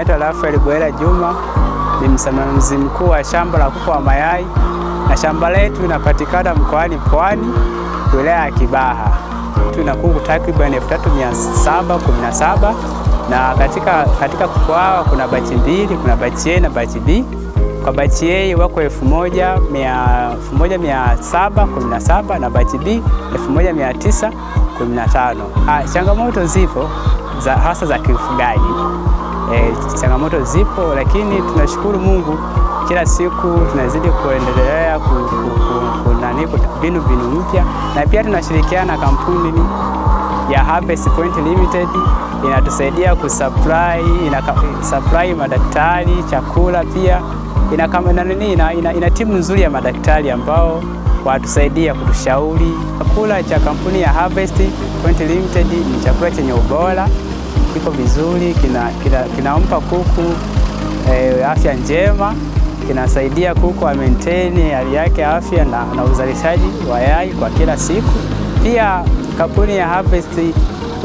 naitwa Rafael Bwela Juma, ni msimamizi mkuu wa shamba la kuku wa mayai, na shamba letu linapatikana mkoani Pwani, wilaya ya Kibaha. Tuna kuku takriban 3717 na katika, katika kuku hawa kuna bachi mbili, kuna bachi A na bachi B. Kwa bachi A wako 1717 na bachi B 1915. Ah, changamoto zipo za, hasa za kiufugaji Eh, changamoto zipo, lakini tunashukuru Mungu kila siku tunazidi kuendelea kunani ku, binu mpya, na pia tunashirikiana na kampuni ya Harvest Point Limited inatusaidia kusupply ina supply madaktari chakula, pia ina kama nini, ina, ina, ina timu nzuri ya madaktari ambao watusaidia kutushauri. Chakula cha kampuni ya Harvest Point Limited ni chakula chenye ubora kiko vizuri, kinampa kina, kina kuku e, afya njema, kinasaidia kuku wa maintain hali yake afya na, na uzalishaji wa yai kwa kila siku. Pia kampuni ya Harvest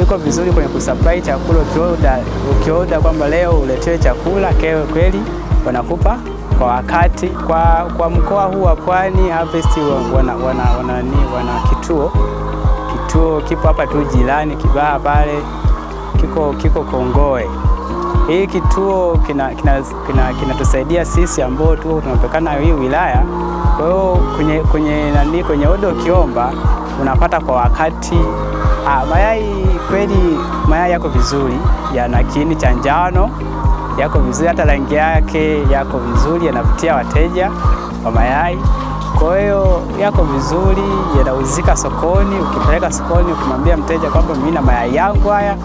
iko vizuri kwenye kusupply chakula. Ukioda ukioda kwamba leo uletewe chakula kewe, kweli wanakupa kwa wakati. Kwa, kwa mkoa huu wa Pwani Harvest wana, wana, wana, wana kituo kituo kipo hapa tu jirani Kibaha pale kiko, kiko Kongoe. Hii kituo kinatusaidia kina, kina, kina sisi ambao tuko tunapekana hii wilaya. Kwa hiyo kwenye, kwenye, nani kwenye odo ukiomba unapata kwa wakati. Ah, mayai kweli mayai yako vizuri, yana kiini cha njano, yako vizuri, hata rangi yake yako vizuri, yanavutia wateja wa mayai. Kwa hiyo yako vizuri, yanauzika sokoni. Ukipeleka sokoni, ukimwambia mteja kwamba mimi na mayai yangu haya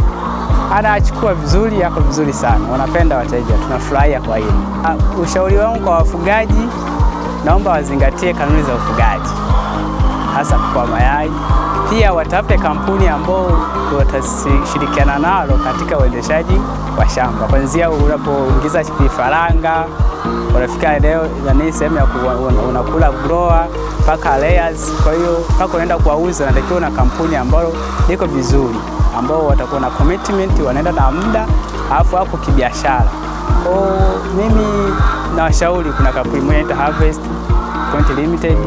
anachukua vizuri, yako vizuri sana, wanapenda wateja, tunafurahia. Kwa hiyo uh, ushauri wangu kwa wafugaji, naomba wazingatie kanuni za ufugaji, hasa kwa mayai. Pia watafute kampuni ambao watashirikiana nalo katika uendeshaji wa shamba, kwanzia unapoingiza vifaranga unafika eneo ni sehemu ya unakula grower mpaka layers. Kwa hiyo mpaka unaenda kuwauza, natakiwa na kampuni ambayo iko vizuri ambao watakuwa na commitment, wanaenda na muda, alafu hapo kibiashara. Kwa mimi nawashauri, kuna kampuni moja inaitwa Harvest Point Limited,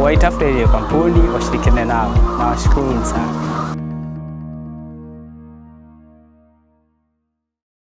waitafute ile kampuni washirikiane nao. Nawashukuru sana.